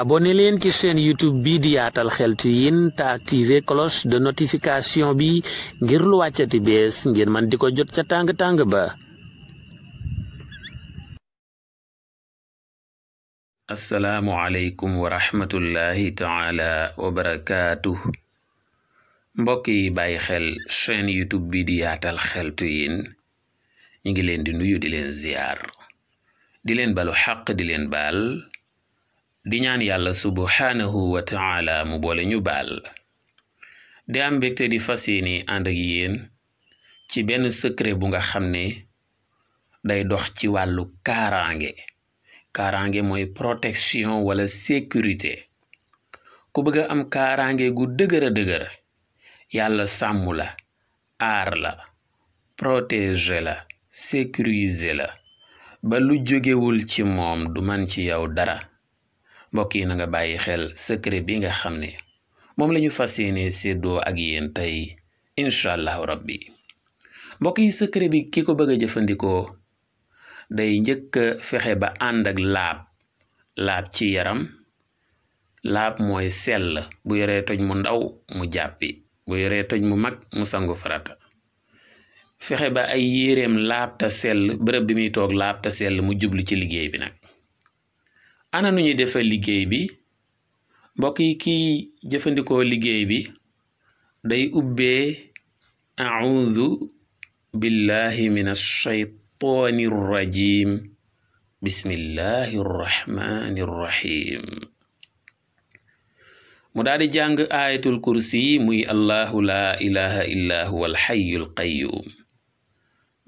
abonné leen ci chaîne youtube bi di yaatal xeltu yin te activé cloche de notification bi ngir lu wàccati bees ngeen man di ko jot ca tàng-tàng ba asalaamu aleykum wa rahmatullahi taala wa barakaatu mbokk yi bàyyi xel chaîne youtube bi di yaatal xeltu yin ñu ngi leen di nuyu di leen ziyaar di leen balu xaq di leen baal di ñaan yàlla subhaanahu wa ta'ala mu boole ñu baal di am mbégte di fas yéene ànd yéen ci benn secret bu nga xam ne day dox ci wàllu kaaraange kaaraange mooy protection wala sécurité ku bëgg a am kaaraange gu dëgër a dëgër yàlla sàmm la aar la protéger la sécuriser la ba lu jógewul ci moom du man ci yow dara mbokk yi na bàyyi xel secret bi nga xam ne moom la ñu fas yéene séddoo ak yéen tey incha allahu rabbi mbokk yi secret bi ki ko bëgg a jëfandikoo day njëkk fexe ba ànd ak laab laab ci yaram laab mooy sell bu yoree toj mu ndaw mu jàppi bu yore toj mu mag mu sangu farata fexe ba ay yéreem laab ta sell bërëb bi muy toog laab ta sell mu jublu ci liggéey bi nag ana nu ñuy defee liggéey bi mbokk yi kiy jëfandikoo liggéey bi day ubbee audu billahi min alshaytaani rrajim bismillahi rrahmani rrahim mu daal di jàng ayatul kursi muy allahu laa ilaha illa huwa alxayu alqayum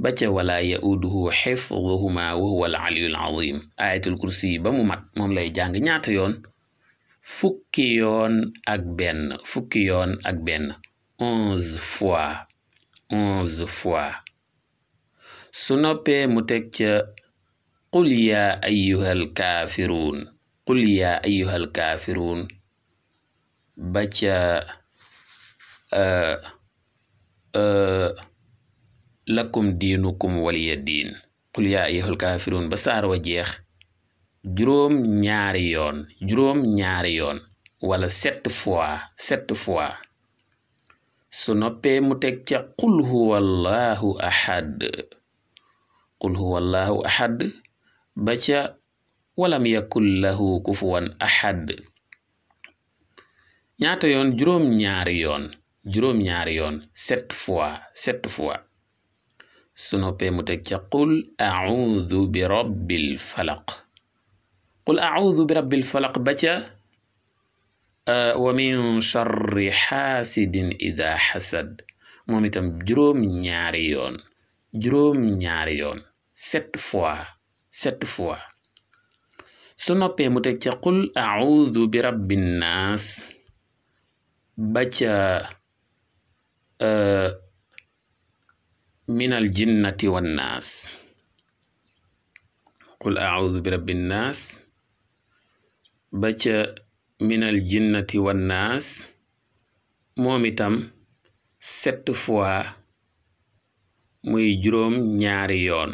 ba wala yauduhu xifduhuma wa huwa al aliyul azim ayatul kursi yi ba mu mat moom lay jàng ñaata yoon fukki yoon ak benn yoon ak benn onze fois onze fois su noppee mu teg ca qul yaa ayyuhal kaafiruun qul yaa lakum diinukum waliya diin qul ba saar jeex juróom ñaari yoon juróom ñaari yoon wala sept fois su noppee mu teg ca qul huwallahu ahad ahad ba ca walam yakun lahu kufuwan ahad ñaata yoon juróom ñaari yoon juróom ñaari su noppee mu teg ca qul audu bi rabbil qul audu bi rabbil falaq ba ca euh, wa min charri xaasidin ida xasad moom itam juróom ñaari yoon juróom ñaari fois sept fois su noppee mu teg ca qul audu bi rabbin naas ba ca euh, minal jinnati wannaas qul audu bi rabbin naas ba ca minal jinnati wannaas moom itam sept fois muy juróom ñaari yoon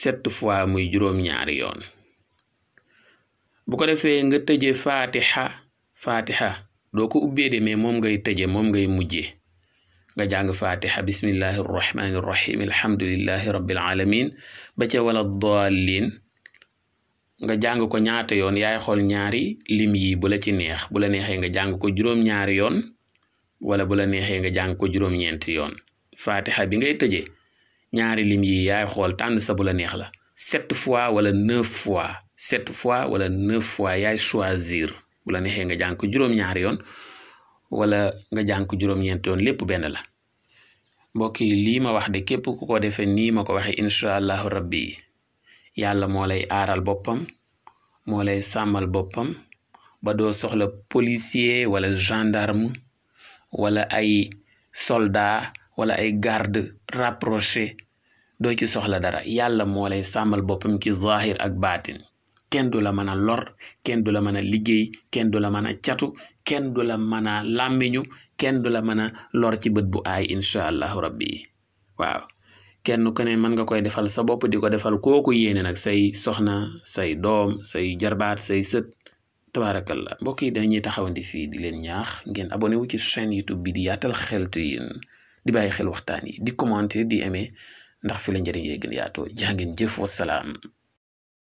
sept fois muy juróom ñaari yoon bu ko defee nga tëje faatixa faatixa doo ko ubbee de mais moom ngay tëje moom ngay mujje nga jàng fatiha bismillahi arrahmani irrahim alhamdulillahi rabbil alamin ba ca wala dallin nga jàng ko ñaata yoon yaay xool ñaari lim yi bu ci neex bu la neexee nga jàng ko juróom-ñaari yoon wala bu la neexee nga jàng ko juróom yoon fatiha bi ngay tëjee ñaari lim yi yaay xool tànn sa bu neex la sept fois wala neuf fois sept fois wala neuf fois yaay choisir bu la neexee nga jàng ko juróom-ñaari yoon wala nga jàng ko juróom yoon lépp benn la mbokk yi lii ma wax de képp ku ko defee nii ma ko waxee incha allahu rabbi yàlla moo lay aaral boppam moo lay sàmmal boppam ba doo soxla policier wala gendarme wala ay solda wala ay garde rapproché doo ci soxla dara yàlla moo lay sàmmal boppam ci zahir ak baatin kenn du la mën a lor kenn du la mën a liggéey kenn du la mën a catu kenn du la mën a làmmiñu kenn du la mën a lor ci bët bu aay incha allahu rabbi waaw kenn ku ne mën nga koy defal sa bopp di ko defal kooku yéene nag say soxna say doom say jarbaat say sët tabaarakallah mbokk yi dañuy ndi fii di leen ñaax ngeen abonné wu ci chaîne YouTube bi di yaatal xeltu yin di bàyyi xel waxtaan yi di commenter di aimer ndax fi la njëriñ yee gën yaatoo jaa ngeen jëf